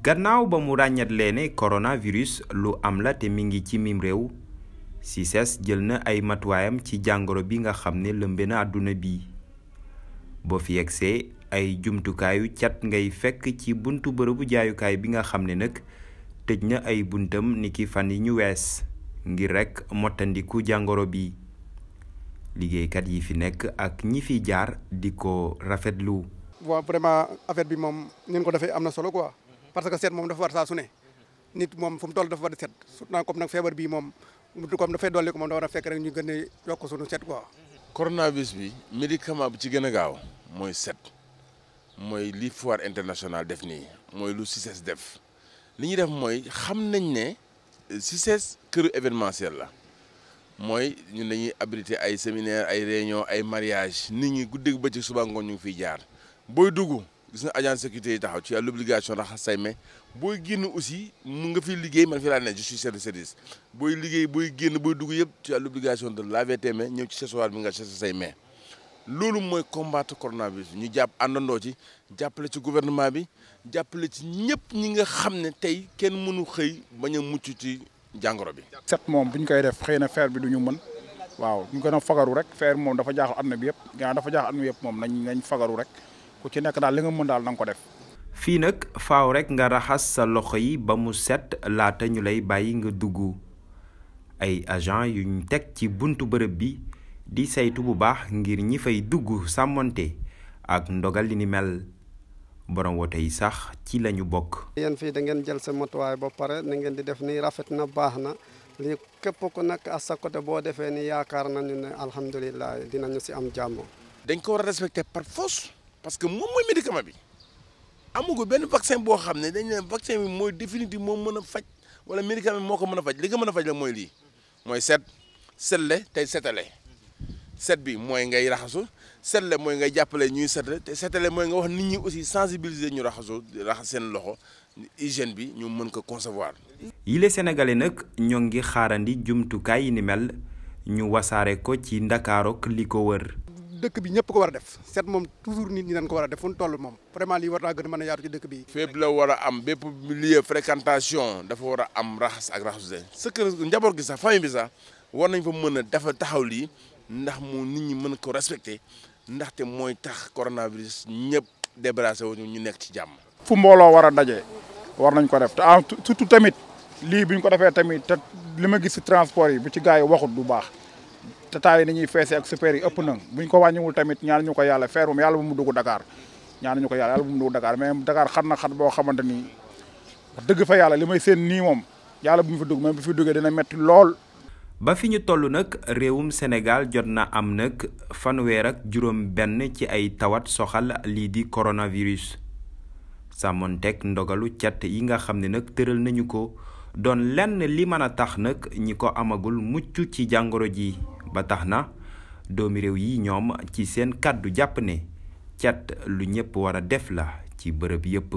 gannaaw ba mu ràññatlee ne coronavirus lu am la te mi ngi ci mim réew CICES jël na ay matuwaayam ci jàngoro bi nga xam ne lëmbe na àdduna bi boo fi yegsee ay jumtukaayu cat ngay fekk ci buntu bërëbu jaayukaay bi nga xam ne nag tëj na ay buntam ni ki fan yi ñu wees ngir rekk mottandiku jàngoro bi liggéeykat yi fi nekk ak ñi fi jaar di ko rafetlu. waaw vraiment affaire bi moom ni ko defee am na solo ko parce que seet moom dafa war saa su ne nit moom fu mu toll dafa war di seet surtout comme nag feebar bii moom comme dafay dolli ko moom da war a fekk rek ñu gën a yokk suñu seet quoi. coronavirus bi médicament bi ci gën a gaaw mooy set mooy li foire international def nii mooy lu CICES def li ñuy def mooy xam nañ ne CICES këru événementiel la mooy ñun lañuy abrité ay séminaire ay réunion ay mariage nit ñi guddeeg bëccëg suba ngoon ñu ngi fiy jaar booy dugg. gis na agence sécurité yi taxaw ci à l'obligation raxas say mais booy génn aussi mu nga fiy liggéey man fi laa ne je suis chef de service booy liggéey booy génn booy dugg yëpp ci à l'obligation de laver tes ñëw ci séchoir bi nga séché say mais loolu mooy combattre coronavirus ñu jàpp àndandoo ci jàppale ci guvernement bi jàppale ci ñëpp ñi nga xam ne tey kenn mënu xëy bañ a mucc ci jàngoro bi. set moom bu ñu koy def xëy na feer bi du ñu mën waaw ñu gën fagaru rek feer moom dafa jaaxal àdduna bi yëpp gaa dafa jaaxal àdduna yëpp moom nañ nañ fagaru rek. ku ci nek dal li nga mën dal nang ko def. fi nak faaw rek nga raxas sa loxo yi ba mu set laata ñu lay bàyyi nga dugg ay agent yu ñu teg ci buntu bërëb bi di saytu bu baax ngir ñi fay dugg sàmmonte ak ndogal li ni mel borom wote yi sax ci lañu bokk. yéen fi da ngeen jël sa matuwaay ba pare na ngeen di def ni rafet na baax na li képp ku nekk à sa côté boo defee ni yaakaar nañu ne alhamdulilah dinañu si am jàmm. dañ ko war a respecté par force. parce que moom mooy médicament bi ko benn vaccin boo xam ne dañ leen vaccin bi mooy définitive moo mën a faj wala médicament bi moo ko mën a faj li mën a faj la mooy lii mooy set setle tey setale set bi mooy ngay raxasu setle mooy ngay jàppale ñuy setle te setale mooy nga wax nit ñi aussi sensibiliser ñu raxasu raxas seen loxo hygiène bi ñu mën ko concevoir. yile sénégalais nag ñoo ngi xaarandi jumtukaay yi ni mel ñu wasaare ko ci ndakaarook li ko wër. dëkk bi ñëpp ko war a def set moom toujours nit ñi dañ ko war a def fu ñu toll moom vraiment lii war a a yaatu ci a am bépp milieu fréquentation dafa war a am raxas ak raxasute sa kër njaboot gi sax famille bi war nañ fa mën a dafa taxaw lii ndax mu nit ñi mën ko respecté ndaxte mooy tax coronavirus ñëpp débarrassé wu ñu nekk ci jàmm. fu mbooloo war a daje war nañ ko def te surtout tamit lii bu ko defee tamit te li ma gis si transport yi bu ci gars yi waxut du baax. tata yi ñuy fessé ak super yi ëpp na buñ ko wàññiwul tamit ñaan ñuko yalla yàlla yalla bu mu dugg Dakar ñaan ñuko yalla yalla bu mu dugg Dakar mais Dakar xat na xat bo xamanteni ni dëgg fa yalla limay seen ni mom yalla bu mu fi dugg même bu fi duggé dina metti lool. ba fiñu tollu nak réewum Sénégal jotna am nak fan fanweer ak juroom ben ci ay tawat soxal li di coronavirus sàmmoon teg ndogalu ciat yi nga xamni nak nag nañu ko. doon lenn li mën a tax nag ñi ko amagul mucc ci jàngoro ji ba tax na doomi réew yi ñoom ci seen kàddu jàpp ne cat lu ñépp wara def la ci bërëb yépp